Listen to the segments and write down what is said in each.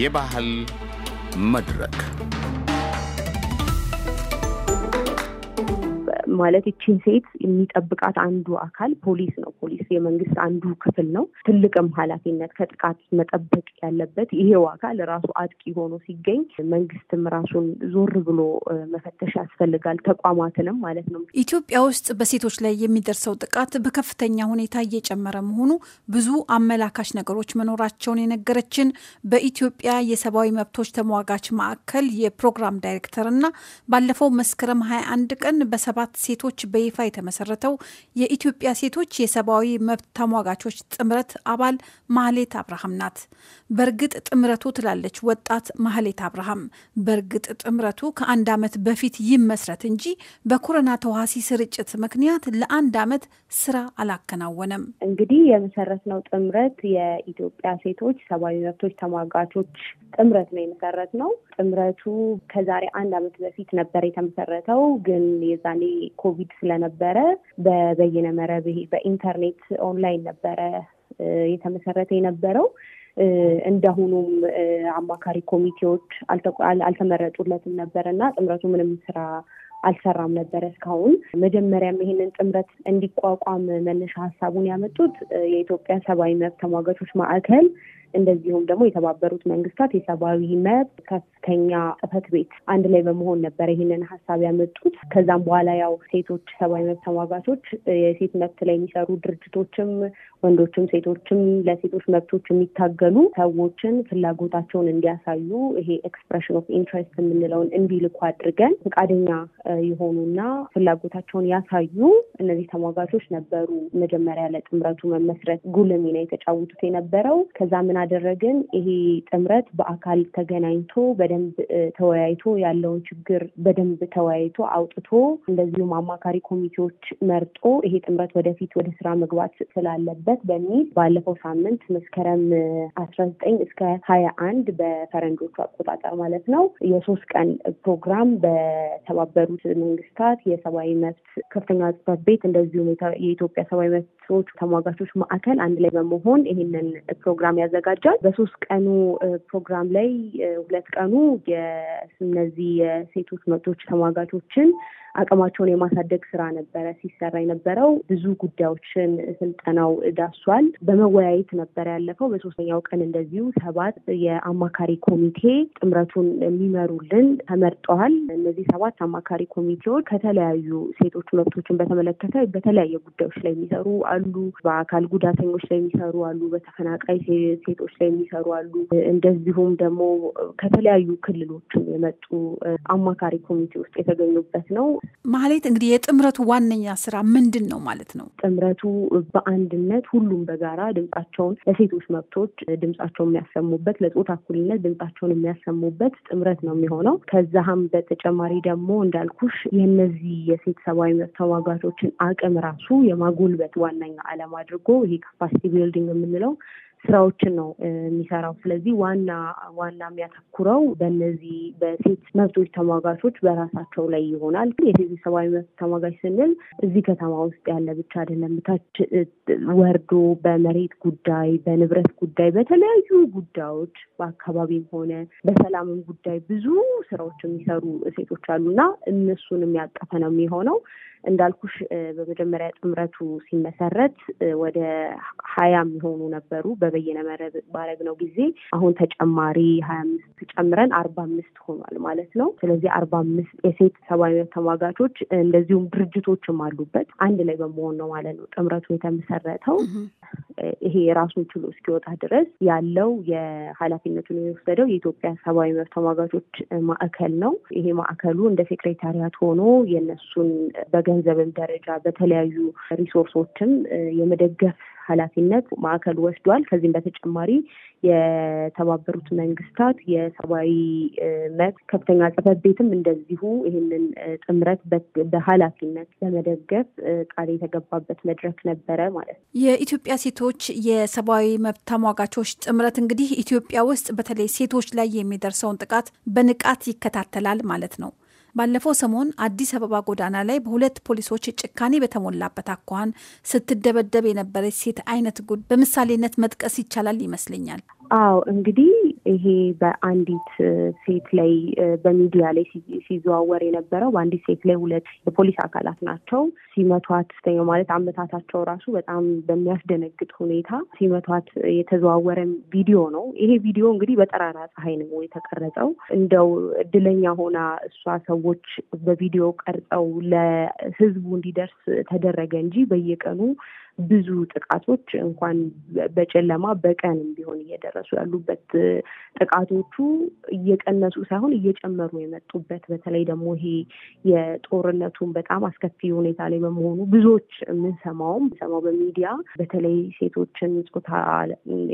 የባህል መድረክ ማለት ይችን ሴት የሚጠብቃት አንዱ አካል ፖሊስ ነው። ፖሊስ የመንግስት አንዱ ክፍል ነው። ትልቅም ኃላፊነት ከጥቃት መጠበቅ ያለበት ይሄው አካል ራሱ አጥቂ ሆኖ ሲገኝ መንግስትም ራሱን ዞር ብሎ መፈተሽ ያስፈልጋል። ተቋማትንም ማለት ነው። ኢትዮጵያ ውስጥ በሴቶች ላይ የሚደርሰው ጥቃት በከፍተኛ ሁኔታ እየጨመረ መሆኑ ብዙ አመላካሽ ነገሮች መኖራቸውን የነገረችን በኢትዮጵያ የሰብአዊ መብቶች ተሟጋች ማዕከል የፕሮግራም ዳይሬክተር እና ባለፈው መስከረም 21 ቀን በሰባት ሴቶች በይፋ የተመሰረተው የኢትዮጵያ ሴቶች የሰብአዊ መብት ተሟጋቾች ጥምረት አባል ማህሌት አብርሃም ናት። በእርግጥ ጥምረቱ ትላለች ወጣት ማህሌት አብርሃም። በእርግጥ ጥምረቱ ከአንድ ዓመት በፊት ይመስረት እንጂ በኮሮና ተዋሲ ስርጭት ምክንያት ለአንድ ዓመት ስራ አላከናወነም። እንግዲህ የመሰረትነው ጥምረት የኢትዮጵያ ሴቶች ሰብአዊ መብቶች ተሟጋቾች ጥምረት ነው የመሰረት ነው። ጥምረቱ ከዛሬ አንድ ዓመት በፊት ነበር የተመሰረተው። ግን የዛኔ ኮቪድ ስለነበረ በበይነ መረብ በኢንተርኔት ኦንላይን ነበረ የተመሰረተ የነበረው። እንደሁኑም አማካሪ ኮሚቴዎች አልተመረጡለትም ነበር እና ጥምረቱ ምንም ስራ አልሰራም ነበረ እስካሁን። መጀመሪያም ይሄንን ጥምረት እንዲቋቋም መነሻ ሀሳቡን ያመጡት የኢትዮጵያ ሰብአዊ መብት ተሟጋቾች ማዕከል እንደዚሁም ደግሞ የተባበሩት መንግስታት የሰብአዊ መብት ከፍተኛ ጽህፈት ቤት አንድ ላይ በመሆን ነበር ይህንን ሀሳብ ያመጡት። ከዛም በኋላ ያው ሴቶች ሰብአዊ መብት ተሟጋቾች የሴት መብት ላይ የሚሰሩ ድርጅቶችም ወንዶችም ሴቶችም ለሴቶች መብቶች የሚታገሉ ሰዎችን ፍላጎታቸውን እንዲያሳዩ ይሄ ኤክስፕሬሽን ኦፍ ኢንትረስት የምንለውን እንዲልኩ አድርገን ፈቃደኛ የሆኑና ፍላጎታቸውን ያሳዩ እነዚህ ተሟጋቾች ነበሩ። መጀመሪያ ለጥምረቱ መመስረት ጉልህ ሚና የተጫወቱት የነበረው። ከዛ ምን አደረግን? ይሄ ጥምረት በአካል ተገናኝቶ በደንብ ተወያይቶ ያለውን ችግር በደንብ ተወያይቶ አውጥቶ እንደዚሁም አማካሪ ኮሚቴዎች መርጦ ይሄ ጥምረት ወደፊት ወደ ስራ መግባት ስላለበት አለበት በሚል ባለፈው ሳምንት መስከረም አስራ ዘጠኝ እስከ ሀያ አንድ በፈረንጆቹ አቆጣጠር ማለት ነው የሶስት ቀን ፕሮግራም በተባበሩት መንግስታት የሰብአዊ መብት ከፍተኛ ጽፈት ቤት እንደዚሁም የኢትዮጵያ ሰብአዊ መብቶች ተሟጋቾች ማዕከል አንድ ላይ በመሆን ይህንን ፕሮግራም ያዘጋጃል። በሶስት ቀኑ ፕሮግራም ላይ ሁለት ቀኑ የነዚህ የሴቶች መብቶች ተሟጋቾችን አቅማቸውን የማሳደግ ስራ ነበረ ሲሰራ የነበረው። ብዙ ጉዳዮችን ስልጠናው ዳሷል። በመወያየት ነበረ ያለፈው። በሶስተኛው ቀን እንደዚሁ ሰባት የአማካሪ ኮሚቴ ጥምረቱን የሚመሩልን ተመርጠዋል። እነዚህ ሰባት አማካሪ ኮሚቴዎች ከተለያዩ ሴቶች መብቶችን በተመለከተ በተለያየ ጉዳዮች ላይ የሚሰሩ አሉ። በአካል ጉዳተኞች ላይ የሚሰሩ አሉ። በተፈናቃይ ሴቶች ላይ የሚሰሩ አሉ። እንደዚሁም ደግሞ ከተለያዩ ክልሎችም የመጡ አማካሪ ኮሚቴ ውስጥ የተገኙበት ነው። ማህሌት እንግዲህ የጥምረቱ ዋነኛ ስራ ምንድን ነው ማለት ነው? ጥምረቱ በአንድነት ሁሉም በጋራ ድምጻቸውን ለሴቶች መብቶች ድምጻቸውን የሚያሰሙበት፣ ለጾታ እኩልነት ድምጻቸውን የሚያሰሙበት ጥምረት ነው የሚሆነው። ከዛም በተጨማሪ ደግሞ እንዳልኩሽ የነዚህ የሴት ሰብአዊ መብት ተሟጋቾችን አቅም ራሱ የማጎልበት ዋነኛ ዓላማ አድርጎ ይሄ ካፓሲቲ ቢልዲንግ የምንለው ስራዎችን ነው የሚሰራው። ስለዚህ ዋና ዋና የሚያተኩረው በነዚህ በሴት መብቶች ተሟጋቾች በራሳቸው ላይ ይሆናል። የሴት ሰብአዊ መብት ተሟጋች ስንል እዚህ ከተማ ውስጥ ያለ ብቻ አይደለም። ታች ወርዶ በመሬት ጉዳይ፣ በንብረት ጉዳይ፣ በተለያዩ ጉዳዮች በአካባቢም ሆነ በሰላምም ጉዳይ ብዙ ስራዎች የሚሰሩ ሴቶች አሉና እነሱን የሚያቀፈ ነው የሚሆነው። እንዳልኩሽ በመጀመሪያ ጥምረቱ ሲመሰረት ወደ ሀያ የሚሆኑ ነበሩ በበየነ መረብ ባረግ ነው ጊዜ አሁን ተጨማሪ ሀያ አምስት ጨምረን አርባ አምስት ሆኗል ማለት ነው። ስለዚህ አርባ አምስት የሴት ሰብአዊ መብት ተሟጋቾች እንደዚሁም ድርጅቶችም አሉበት አንድ ላይ በመሆን ነው ማለት ነው ጥምረቱ የተመሰረተው። ይሄ ራሱን ችሎ እስኪወጣ ድረስ ያለው የኃላፊነቱን የወሰደው የኢትዮጵያ ሰብአዊ መብት ተሟጋቾች ማዕከል ነው። ይሄ ማዕከሉ እንደ ሴክሬታሪያት ሆኖ የነሱን በገ በገንዘብም ደረጃ በተለያዩ ሪሶርሶችም የመደገፍ ኃላፊነት ማዕከል ወስዷል። ከዚህም በተጨማሪ የተባበሩት መንግስታት የሰብአዊ መብት ከፍተኛ ጽሕፈት ቤትም እንደዚሁ ይህንን ጥምረት በኃላፊነት ለመደገፍ ቃል የተገባበት መድረክ ነበረ ማለት ነው። የኢትዮጵያ ሴቶች የሰብአዊ መብት ተሟጋቾች ጥምረት እንግዲህ ኢትዮጵያ ውስጥ በተለይ ሴቶች ላይ የሚደርሰውን ጥቃት በንቃት ይከታተላል ማለት ነው። ባለፈው ሰሞን አዲስ አበባ ጎዳና ላይ በሁለት ፖሊሶች ጭካኔ በተሞላበት አኳኋን ስትደበደብ የነበረች ሴት አይነት ጉድ በምሳሌነት መጥቀስ ይቻላል ይመስለኛል። አዎ እንግዲህ ይሄ በአንዲት ሴት ላይ በሚዲያ ላይ ሲዘዋወር የነበረው በአንዲት ሴት ላይ ሁለት የፖሊስ አካላት ናቸው ሲመቷት ማለት አመታታቸው ራሱ በጣም በሚያስደነግጥ ሁኔታ ሲመቷት የተዘዋወረ ቪዲዮ ነው። ይሄ ቪዲዮ እንግዲህ በጠራራ ፀሐይ ነው የተቀረጸው። እንደው እድለኛ ሆና እሷ ሰዎች በቪዲዮ ቀርጸው ለህዝቡ እንዲደርስ ተደረገ እንጂ በየቀኑ ብዙ ጥቃቶች እንኳን በጨለማ በቀንም ቢሆን እየደረሱ ያሉበት ጥቃቶቹ እየቀነሱ ሳይሆን እየጨመሩ የመጡበት በተለይ ደግሞ ይሄ የጦርነቱን በጣም አስከፊ ሁኔታ ላይ በመሆኑ ብዙዎች የምንሰማውም ሰማው በሚዲያ በተለይ ሴቶችን ጾታ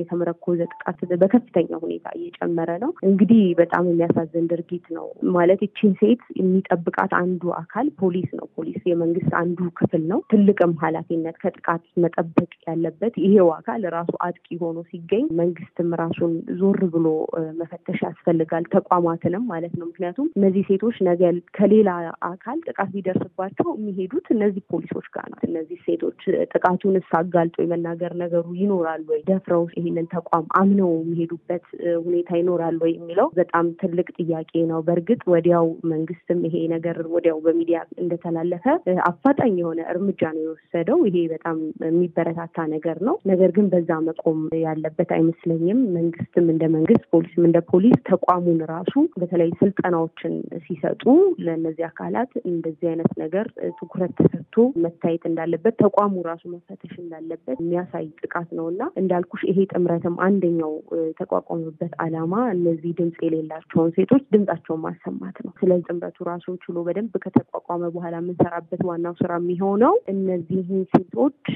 የተመረኮዘ ጥቃት በከፍተኛ ሁኔታ እየጨመረ ነው። እንግዲህ በጣም የሚያሳዝን ድርጊት ነው ማለት ይችን ሴት የሚጠብቃት አንዱ አካል ፖሊስ ነው። ፖሊስ የመንግስት አንዱ ክፍል ነው። ትልቅም ኃላፊነት ከጥቃት መጠበቅ ያለበት ይሄው አካል ራሱ አጥቂ ሆኖ ሲገኝ መንግስትም ራሱን ዞር ብሎ መፈተሽ ያስፈልጋል፣ ተቋማትንም ማለት ነው። ምክንያቱም እነዚህ ሴቶች ነገ ከሌላ አካል ጥቃት ሊደርስባቸው የሚሄዱት እነዚህ ፖሊሶች ጋር ናት። እነዚህ ሴቶች ጥቃቱን አጋልጦ የመናገር ነገሩ ይኖራል ወይ? ደፍረው ይህንን ተቋም አምነው የሚሄዱበት ሁኔታ ይኖራል ወይ የሚለው በጣም ትልቅ ጥያቄ ነው። በእርግጥ ወዲያው መንግስትም ይሄ ነገር ወዲያው በሚዲያ እንደተላለፈ አፋጣኝ የሆነ እርምጃ ነው የወሰደው። ይሄ በጣም የሚበረታታ ነገር ነው። ነገር ግን በዛ መቆም ያለበት አይመስለኝም። መንግስትም እንደ መንግስት፣ ፖሊስም እንደ ፖሊስ ተቋሙን ራሱ በተለይ ስልጠናዎችን ሲሰጡ ለእነዚህ አካላት እንደዚህ አይነት ነገር ትኩረት ተሰጥቶ መታየት እንዳለበት ተቋሙ ራሱ መፈተሽ እንዳለበት የሚያሳይ ጥቃት ነው እና እንዳልኩሽ ይሄ ጥምረትም አንደኛው የተቋቋመበት አላማ እነዚህ ድምፅ የሌላቸውን ሴቶች ድምጻቸውን ማሰማት ነው። ስለዚህ ጥምረቱ ራሱን ችሎ በደንብ ከተቋቋመ በኋላ የምንሰራበት ዋናው ስራ የሚሆነው እነዚህን ሴቶች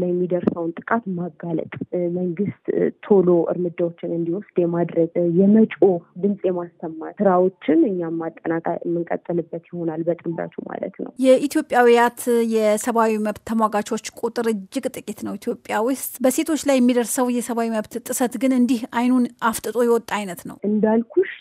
ላይ የሚደርሰውን ጥቃት ማጋለጥ፣ መንግስት ቶሎ እርምጃዎችን እንዲወስድ የማድረግ የመጮ ድምፅ የማሰማት ስራዎችን እኛም ማጠናቀ የምንቀጥልበት ይሆናል በጥምረቱ ማለት ነው። የኢትዮጵያውያት የሰብአዊ መብት ተሟጋቾች ቁጥር እጅግ ጥቂት ነው ኢትዮጵያ ውስጥ። በሴቶች ላይ የሚደርሰው የሰብአዊ መብት ጥሰት ግን እንዲህ አይኑን አፍጥጦ የወጣ አይነት ነው እንዳልኩሽ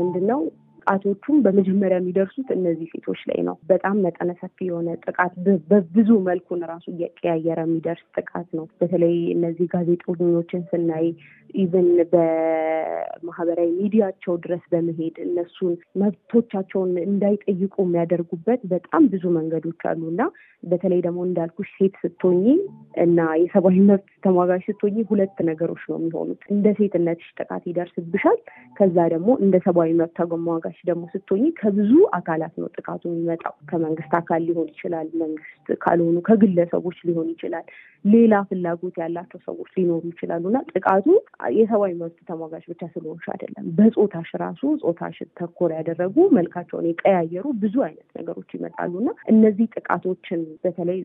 ምንድነው ጥቃቶቹም በመጀመሪያ የሚደርሱት እነዚህ ሴቶች ላይ ነው። በጣም መጠነ ሰፊ የሆነ ጥቃት በብዙ መልኩን ራሱ እየቀያየረ የሚደርስ ጥቃት ነው። በተለይ እነዚህ ጋዜጠኞችን ስናይ ኢቨን በማህበራዊ ሚዲያቸው ድረስ በመሄድ እነሱን መብቶቻቸውን እንዳይጠይቁ የሚያደርጉበት በጣም ብዙ መንገዶች አሉ እና በተለይ ደግሞ እንዳልኩሽ ሴት ስትሆኚ እና የሰብአዊ መብት ተሟጋች ስትሆኚ ሁለት ነገሮች ነው የሚሆኑት። እንደ ሴትነትሽ ጥቃት ይደርስብሻል። ከዛ ደግሞ እንደ ሰብአዊ መብት ተሟጋች ተጎጂዎች ደግሞ ስትሆኝ ከብዙ አካላት ነው ጥቃቱ የሚመጣው። ከመንግስት አካል ሊሆን ይችላል፣ መንግስት ካልሆኑ ከግለሰቦች ሊሆን ይችላል፣ ሌላ ፍላጎት ያላቸው ሰዎች ሊኖሩ ይችላሉ እና ጥቃቱ የሰብአዊ መብት ተሟጋች ብቻ ስለሆንሽ አይደለም። በጾታሽ ራሱ ጾታሽ ተኮር ያደረጉ መልካቸውን የቀያየሩ ብዙ አይነት ነገሮች ይመጣሉ እና እነዚህ ጥቃቶችን በተለይ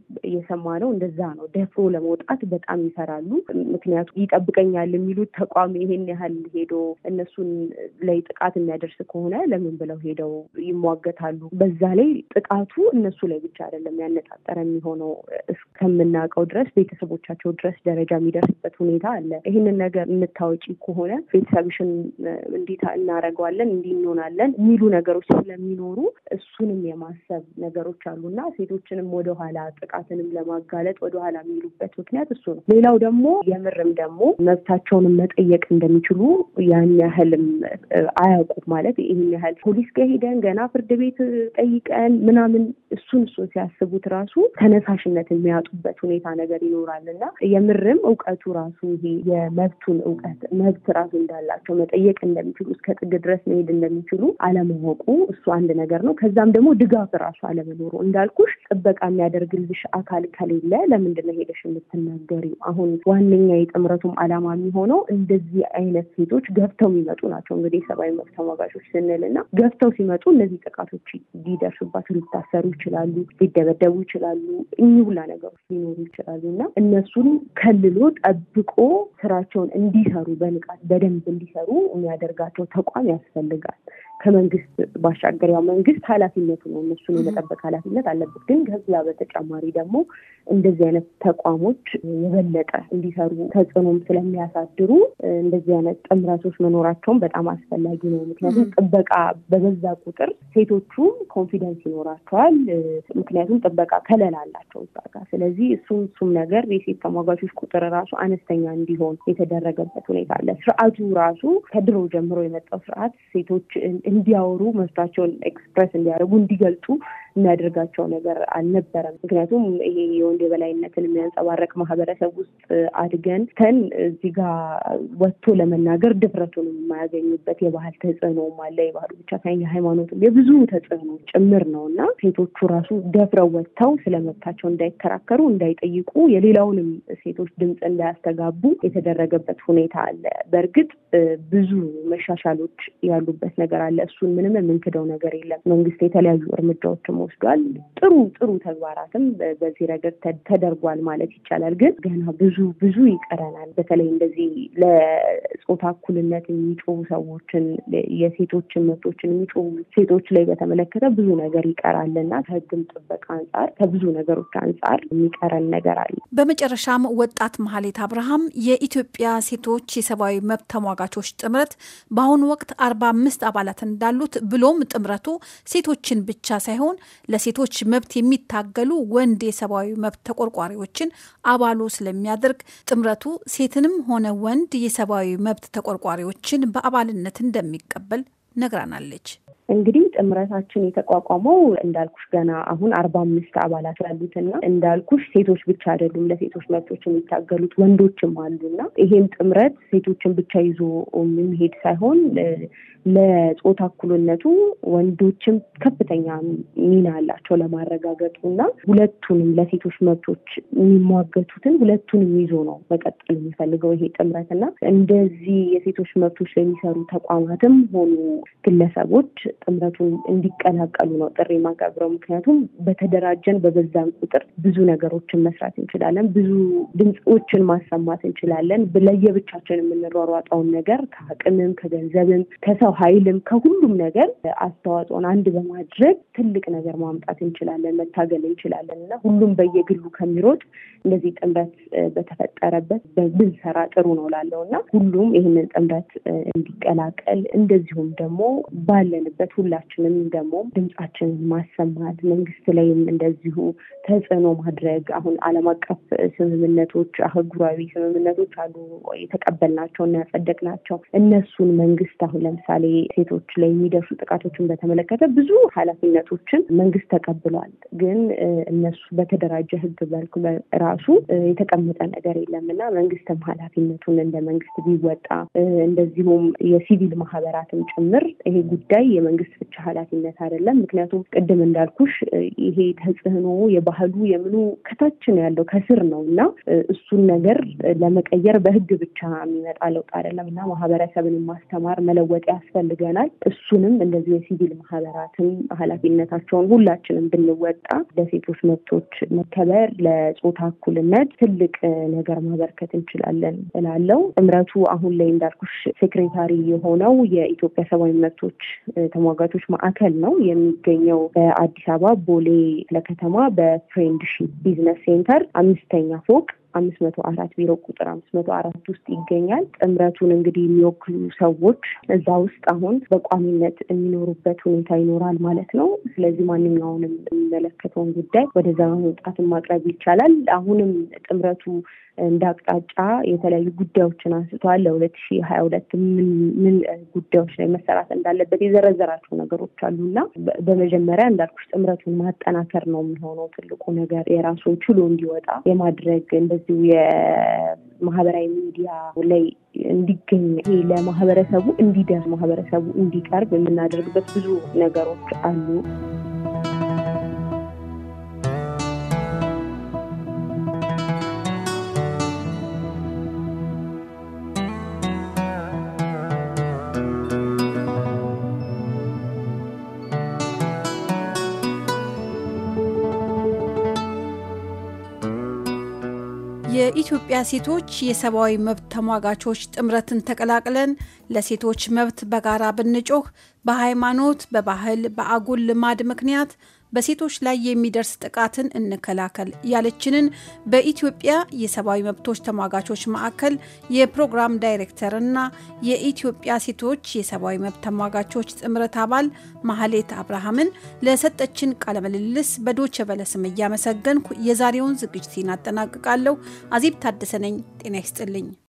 ነው እንደዛ ነው። ደፍሮ ለመውጣት በጣም ይፈራሉ። ምክንያቱም ይጠብቀኛል የሚሉት ተቋም ይሄን ያህል ሄዶ እነሱን ላይ ጥቃት የሚያደርስ ከሆነ ለምን ብለው ሄደው ይሟገታሉ። በዛ ላይ ጥቃቱ እነሱ ላይ ብቻ አይደለም ያነጣጠረ የሚሆነው ከምናውቀው ድረስ ቤተሰቦቻቸው ድረስ ደረጃ የሚደርስበት ሁኔታ አለ። ይህንን ነገር የምታወጪ ከሆነ ቤተሰብሽን እንዴት እናደርገዋለን እንዲህ እንሆናለን የሚሉ ነገሮች ስለሚኖሩ እሱንም የማሰብ ነገሮች አሉና ሴቶችንም ወደኋላ ጥቃትንም ለማጋለጥ ወደኋላ የሚሉበት ምክንያት እሱ ነው። ሌላው ደግሞ የምርም ደግሞ መብታቸውንም መጠየቅ እንደሚችሉ ያን ያህልም አያውቁም። ማለት ይህን ያህል ፖሊስ ጋር ሄደን ገና ፍርድ ቤት ጠይቀን ምናምን እሱን እሱን ሲያስቡት ራሱ ተነሳሽነት የሚያጡ የሚመጡበት ሁኔታ ነገር ይኖራል እና የምርም እውቀቱ ራሱ ይሄ የመብቱን እውቀት መብት ራሱ እንዳላቸው መጠየቅ እንደሚችሉ እስከ ጥግ ድረስ መሄድ እንደሚችሉ አለማወቁ እሱ አንድ ነገር ነው። ከዛም ደግሞ ድጋፍ ራሱ አለመኖሩ እንዳልኩሽ ጥበቃ የሚያደርግልሽ አካል ከሌለ ለምንድነው ሄደሽ የምትናገሪው? አሁን ዋነኛ የጥምረቱም አላማ የሚሆነው እንደዚህ አይነት ሴቶች ገብተው የሚመጡ ናቸው። እንግዲህ የሰብአዊ መብት ተሟጋቾች ስንል እና ገብተው ሲመጡ እነዚህ ጥቃቶች ሊደርሱባቸው ሊታሰሩ ይችላሉ፣ ሊደበደቡ ይችላሉ። እኚህ ሁላ ነገሩ ሊኖሩ ይችላሉ እና እነሱን ከልሎ ጠብቆ ስራቸውን እንዲሰሩ በንቃት በደንብ እንዲሰሩ የሚያደርጋቸው ተቋም ያስፈልጋል። ከመንግስት ባሻገር ያው መንግስት ኃላፊነቱ ነው እነሱን የመጠበቅ ኃላፊነት አለበት። ግን ከዚያ በተጨማሪ ደግሞ እንደዚህ አይነት ተቋሞች የበለጠ እንዲሰሩ ተጽዕኖም ስለሚያሳድሩ እንደዚህ አይነት ጥምረቶች መኖራቸውን በጣም አስፈላጊ ነው። ምክንያቱም ጥበቃ በበዛ ቁጥር ሴቶቹ ኮንፊደንስ ይኖራቸዋል። ምክንያቱም ጥበቃ ከለል አላቸው እዛ ጋር። ስለዚህ እሱም እሱም ነገር የሴት ተሟጋቾች ቁጥር ራሱ አነስተኛ እንዲሆን የተደረገበት ሁኔታ አለ። ስርዓቱ ራሱ ከድሮ ጀምሮ የመጣው ስርዓት ሴቶች እንዲያወሩ መብታቸውን ኤክስፕረስ እንዲያደርጉ እንዲገልጡ የሚያደርጋቸው ነገር አልነበረም። ምክንያቱም ይሄ የወንድ የበላይነትን የሚያንጸባረቅ ማህበረሰብ ውስጥ አድገን ተን እዚህ ጋር ወጥቶ ለመናገር ድፍረቱን የማያገኙበት የባህል ተጽዕኖም አለ። የባህሉ ብቻ ሳይሆን የሃይማኖትም የብዙ ተጽዕኖ ጭምር ነው እና ሴቶቹ ራሱ ደፍረው ወጥተው ስለመብታቸው እንዳይከራከሩ፣ እንዳይጠይቁ የሌላውንም ሴቶች ድምፅ እንዳያስተጋቡ የተደረገበት ሁኔታ አለ። በእርግጥ ብዙ መሻሻሎች ያሉበት ነገር አለ። እሱን ምንም የምንክደው ነገር የለም። መንግስት የተለያዩ እርምጃዎችም ተወስዷል። ጥሩ ጥሩ ተግባራትም በዚህ ረገድ ተደርጓል ማለት ይቻላል። ግን ገና ብዙ ብዙ ይቀረናል። በተለይ እንደዚህ ለጾታ እኩልነት የሚጮሁ ሰዎችን የሴቶችን መብቶችን የሚጮሁ ሴቶች ላይ በተመለከተ ብዙ ነገር ይቀራልና ከህግም ጥበቃ አንጻር ከብዙ ነገሮች አንጻር የሚቀረን ነገር አለ። በመጨረሻም ወጣት መሀሌት አብርሃም የኢትዮጵያ ሴቶች የሰብአዊ መብት ተሟጋቾች ጥምረት በአሁኑ ወቅት አርባ አምስት አባላት እንዳሉት ብሎም ጥምረቱ ሴቶችን ብቻ ሳይሆን ለሴቶች መብት የሚታገሉ ወንድ የሰብአዊ መብት ተቆርቋሪዎችን አባሉ ስለሚያደርግ ጥምረቱ ሴትንም ሆነ ወንድ የሰብአዊ መብት ተቆርቋሪዎችን በአባልነት እንደሚቀበል ነግራናለች። እንግዲህ ጥምረታችን የተቋቋመው እንዳልኩሽ ገና አሁን አርባ አምስት አባላት ያሉትና እንዳልኩሽ ሴቶች ብቻ አይደሉም ለሴቶች መብቶች የሚታገሉት ወንዶችም አሉና ይሄም ጥምረት ሴቶችን ብቻ ይዞ የሚሄድ ሳይሆን ለጾታ እኩልነቱ ወንዶችም ከፍተኛ ሚና አላቸው ለማረጋገጡና ሁለቱንም ለሴቶች መብቶች የሚሟገቱትን ሁለቱንም ይዞ ነው መቀጠል የሚፈልገው ይሄ ጥምረትና እንደዚህ የሴቶች መብቶች ለሚሰሩ ተቋማትም ሆኑ ግለሰቦች ጥምረቱን እንዲቀላቀሉ ነው ጥሪ የማቀርበው። ምክንያቱም በተደራጀን በበዛን ቁጥር ብዙ ነገሮችን መስራት እንችላለን፣ ብዙ ድምፆችን ማሰማት እንችላለን። ለየብቻችን የምንሯሯጠውን ነገር ከአቅምም፣ ከገንዘብም፣ ከሰው ኃይልም ከሁሉም ነገር አስተዋጽኦን አንድ በማድረግ ትልቅ ነገር ማምጣት እንችላለን፣ መታገል እንችላለን እና ሁሉም በየግሉ ከሚሮጥ እንደዚህ ጥምረት በተፈጠረበት ብንሰራ ጥሩ ነው ላለው እና ሁሉም ይህንን ጥምረት እንዲቀላቀል እንደዚሁም ደግሞ ባለንበት ማለት ሁላችንም ደግሞ ድምጻችንን ማሰማት፣ መንግስት ላይም እንደዚሁ ተጽዕኖ ማድረግ። አሁን ዓለም አቀፍ ስምምነቶች፣ አህጉራዊ ስምምነቶች አሉ የተቀበልናቸው እና ያጸደቅናቸው። እነሱን መንግስት አሁን ለምሳሌ ሴቶች ላይ የሚደርሱ ጥቃቶችን በተመለከተ ብዙ ኃላፊነቶችን መንግስት ተቀብሏል። ግን እነሱ በተደራጀ ህግ መልኩ ራሱ የተቀመጠ ነገር የለም እና መንግስትም ኃላፊነቱን እንደ መንግስት ቢወጣ እንደዚሁም የሲቪል ማህበራትም ጭምር ይሄ ጉዳይ የመንግስት ብቻ ኃላፊነት አይደለም። ምክንያቱም ቅድም እንዳልኩሽ ይሄ ተጽዕኖ የባህሉ የምኑ ከታች ነው ያለው ከስር ነው እና እሱን ነገር ለመቀየር በህግ ብቻ የሚመጣ ለውጥ አይደለም እና ማህበረሰብን ማስተማር መለወጥ ያስፈልገናል። እሱንም እንደዚህ የሲቪል ማህበራትም ኃላፊነታቸውን ሁላችንም ብንወጣ ለሴቶች መብቶች መከበር፣ ለጾታ እኩልነት ትልቅ ነገር ማበርከት እንችላለን እላለው። እምረቱ አሁን ላይ እንዳልኩሽ ሴክሬታሪ የሆነው የኢትዮጵያ ሰብአዊ መብቶች ተሟጋቾች ማዕከል ነው የሚገኘው በአዲስ አበባ ቦሌ ለከተማ በፍሬንድሺፕ ቢዝነስ ሴንተር አምስተኛ ፎቅ አምስት መቶ አራት ቢሮ ቁጥር አምስት መቶ አራት ውስጥ ይገኛል። ጥምረቱን እንግዲህ የሚወክሉ ሰዎች እዛ ውስጥ አሁን በቋሚነት የሚኖሩበት ሁኔታ ይኖራል ማለት ነው። ስለዚህ ማንኛውንም የሚመለከተውን ጉዳይ ወደዛ መውጣትን ማቅረብ ይቻላል። አሁንም ጥምረቱ እንደ አቅጣጫ የተለያዩ ጉዳዮችን አንስተዋል። ለሁለት ሺ ሀያ ሁለት ምን ጉዳዮች ላይ መሰራት እንዳለበት የዘረዘራቸው ነገሮች አሉ እና በመጀመሪያ እንዳልኩሽ ጥምረቱን ማጠናከር ነው የሚሆነው ትልቁ ነገር የራሱ ችሎ እንዲወጣ የማድረግ እንደዚሁ የማህበራዊ ሚዲያ ላይ እንዲገኝ ለማህበረሰቡ እንዲደርስ ማህበረሰቡ እንዲቀርብ የምናደርግበት ብዙ ነገሮች አሉ። የኢትዮጵያ ሴቶች የሰብአዊ መብት ተሟጋቾች ጥምረትን ተቀላቅለን ለሴቶች መብት በጋራ ብንጮህ በሃይማኖት፣ በባህል፣ በአጉል ልማድ ምክንያት በሴቶች ላይ የሚደርስ ጥቃትን እንከላከል ያለችንን በኢትዮጵያ የሰብአዊ መብቶች ተሟጋቾች ማዕከል የፕሮግራም ዳይሬክተር እና የኢትዮጵያ ሴቶች የሰብአዊ መብት ተሟጋቾች ጥምረት አባል ማህሌት አብርሃምን ለሰጠችን ቃለምልልስ በዶቸ በለ ስም እያመሰገንኩ የዛሬውን ዝግጅት አጠናቅቃለሁ። አዜብ ታደሰ ነኝ። ጤና ይስጥልኝ።